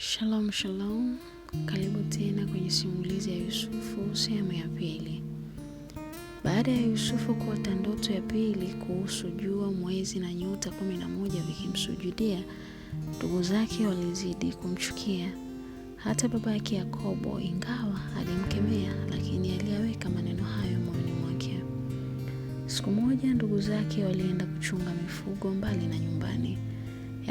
Shalom shalom, karibu tena kwenye simulizi ya Yusufu sehemu ya pili. Baada ya Yusufu kuota ndoto ya pili kuhusu jua, mwezi na nyota kumi na moja vikimsujudia, ndugu zake walizidi kumchukia, hata baba yake Yakobo, ingawa alimkemea, lakini aliyaweka maneno hayo moyoni mwake. Siku moja, ndugu zake walienda kuchunga mifugo mbali na nyumbani.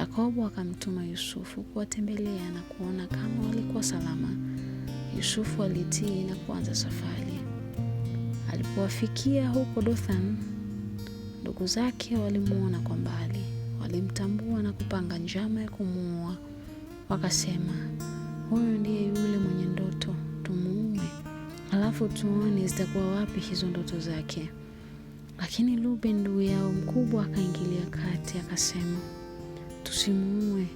Yakobo akamtuma Yusufu kuwatembelea na kuona kama walikuwa salama. Yusufu alitii na kuanza safari. Alipowafikia huko Dothan, ndugu zake walimwona kwa mbali, walimtambua na kupanga njama ya kumuua. Wakasema, huyu ndiye yule mwenye ndoto, tumuue, halafu tuone zitakuwa wapi hizo ndoto zake. Lakini Lube ndugu yao mkubwa akaingilia kati, akasema tusimuue,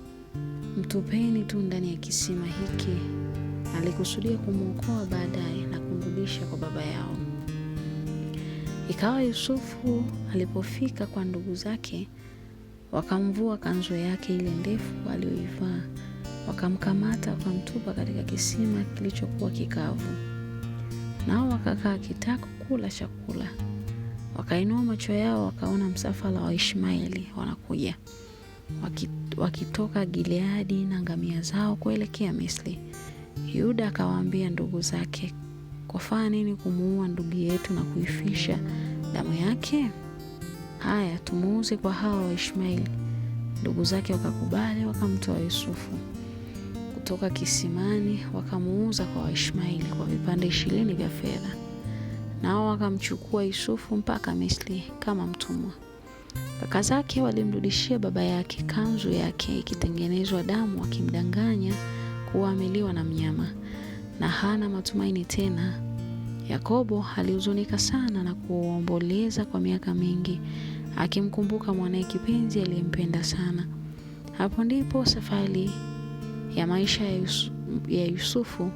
mtupeni tu ndani ya kisima hiki. Alikusudia kumwokoa baadaye na kumrudisha kwa baba yao. Ikawa Yusufu alipofika kwa ndugu zake, wakamvua kanzu yake ile ndefu aliyoivaa, wakamkamata wakamtupa katika kisima kilichokuwa kikavu, nao wakakaa kitako kula chakula. Wakainua macho yao wakaona msafara wa Ishmaeli wanakuja wakitoka Gileadi na ngamia zao kuelekea Misri. Yuda akawaambia ndugu zake, kwafaa nini kumuua ndugu yetu na kuifisha damu yake? Haya, tumuuze kwa hawa Waishmaeli. Ndugu zake wakakubali, wakamtoa Yusufu kutoka kisimani, wakamuuza kwa Waishmaeli kwa vipande ishirini vya fedha, nao wakamchukua Yusufu mpaka Misri kama mtumwa. Kaka zake walimrudishia baba yake kanzu yake ikitengenezwa damu, akimdanganya kuwa ameliwa na mnyama na hana matumaini tena. Yakobo alihuzunika sana na kuomboleza kwa miaka mingi, akimkumbuka mwanaye kipenzi aliyempenda sana. Hapo ndipo safari ya maisha ya Yusufu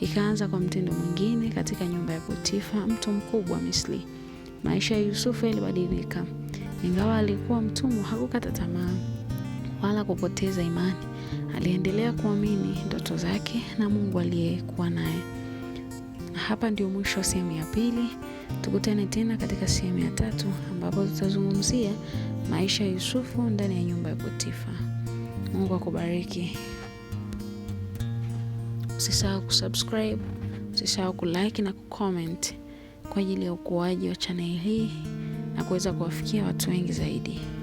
ikaanza kwa mtindo mwingine katika nyumba ya Potifa, mtu mkubwa Misri. Maisha ya Yusufu yalibadilika. Ingawa alikuwa mtumwa, hakukata tamaa wala kupoteza imani. Aliendelea kuamini ndoto zake na Mungu aliyekuwa naye. Na hapa ndio mwisho wa sehemu ya pili. Tukutane tena katika sehemu ya tatu ambapo tutazungumzia maisha ya Yusufu ndani ya nyumba ya Potifa. Mungu akubariki. Usisahau kusubscribe, usisahau kulike na kucomment kwa ajili ya ukuaji wa channel hii na kuweza kuwafikia watu wengi zaidi.